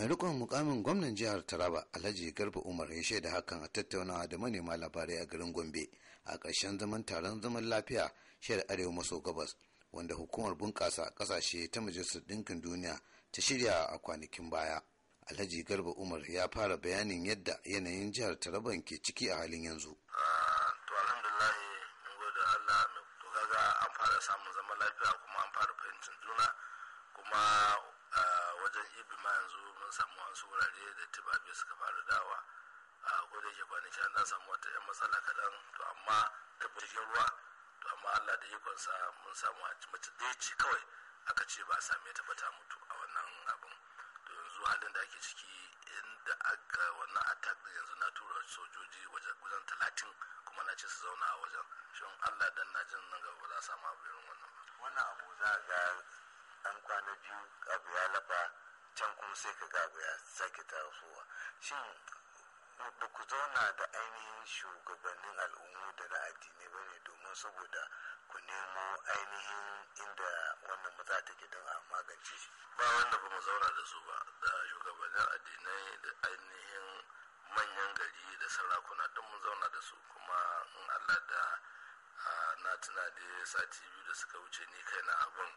mai rikon mukamin gwamnan jihar taraba alhaji garba umar ya shaida hakan a tattaunawa da manema labarai a garin gombe a ƙarshen zaman taron zaman lafiya shaida arewa maso gabas wanda hukumar bunƙasa ƙasashe ta majalisar ɗinkin duniya ta shirya a kwanakin baya alhaji garba umar ya fara bayanin yadda yanayin jihar taraban ke ciki a halin yanzu ah, samun zaman lafiya kuma an fara fahimtar juna kuma ah, wajen ibi ma yanzu mun samu wasu wurare da tibabi suka faru dawa a gudun ke kwanaki an samu wata yan matsala kaɗan to amma ta jirgin ruwa to amma allah da ikonsa mun samu mace da ci kawai aka ce ba a same ta ba mutu a wannan abin to yanzu halin da ake ciki inda aka wannan attack da yanzu na tura sojoji wajen talatin kuma na ce su zauna a wajen shin allah dan na jin nan gaba sai ka ga ya sake tasowa shin ba ku zauna da ainihin shugabannin al'ummu da na addini ba ne domin saboda ku nemo ainihin inda wannan maza ke don a magance shi ba wanda ba mu zauna da su ba da shugabannin addinai da ainihin manyan gari da sarakuna don mu zauna da su kuma in allah da ah, na tunani sati biyu da suka wuce ni kai na abin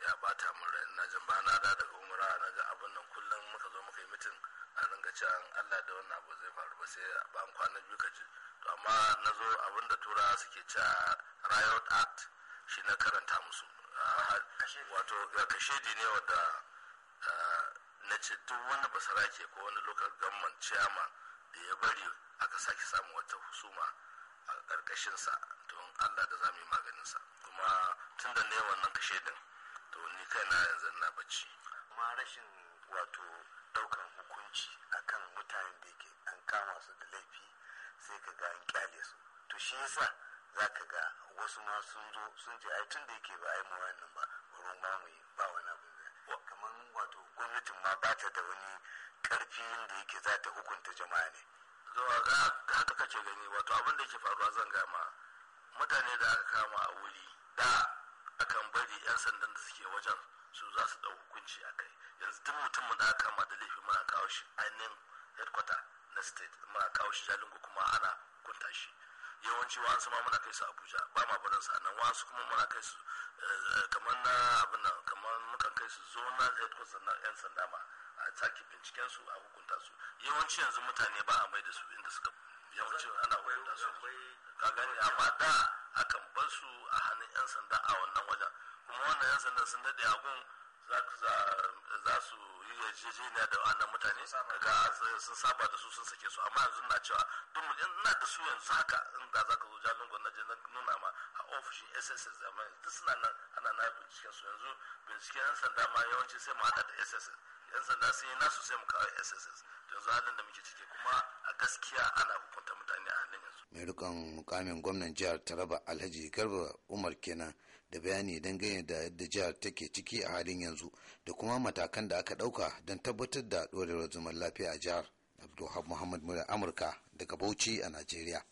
ya bata min rai na jin bana da daga umara na ga abin nan kullum muka zo muka yi mitin a ringa cewa Allah da wannan abu zai faru ba sai ba an kwana biyu ka ji to amma na zo abin da tura suke cewa riot act shi na karanta musu wato kashedi ne wadda na ce duk wani ke ko wani local government chairman da ya bari aka sake samu wata husuma a ƙarƙashinsa don Allah da za mu yi maganinsa kuma tun da ne wannan kashedin to ni kaina yanzu na bacci Kuma rashin wato daukan hukunci akan mutanen da yake an kama su da laifi sai ka ga an kyale su to shi yasa za ka ga wasu ma sun zo sun ce ai tun da yake ba ai mu wannan ba wurin ma mu ba wani abu kamar wato gwamnatin ma ba ta da wani karfi da yake za ta hukunta jama'a ne zuwa ga haka kace gani wato abin da yake faruwa zan ga wajen su za su ɗau hukunci a kai yanzu duk mutumin da aka kama da laifi muna kawo shi ainihin headquarter na state muna kawo shi jalingo kuma ana kunta shi yawanci wa'ansu ma muna kai su abuja ba ma barin sa nan wa'ansu kuma muna kai su eh, kamar na abin nan kamar mukan kai su zonal headquarter na yan sanda ma a taki binciken su a hukunta su yawanci yanzu mutane ba a mai da su inda suka yawanci ana hukunta su ka gani amma da akan bar su a hannun yan sanda a wannan wajen yan sanda sun daɗe a gun za su yi yarjejeniya da wannan mutane ga sun saba da su sun sake su amma yanzu na cewa duk ina da su yanzu haka inda za ka zo jami'in gwamnati na nuna ma a ofishin sss amma duk suna nan ana na binciken su yanzu binciken yan sanda ma yawanci sai mu ma da sss yan sanda sun yi nasu sai mu kawo sss yanzu halin da muke ciki kuma a gaskiya ana hukunta mutane a halin yanzu mai rikon mukamin gwamnan jihar taraba alhaji garba umar kenan da bayani dangane da yadda jihar take ciki a halin yanzu da kuma matakan da aka ɗauka don tabbatar da dorewar zaman lafiya a jihar abdulhab muhammad mura amurka daga bauchi a najeriya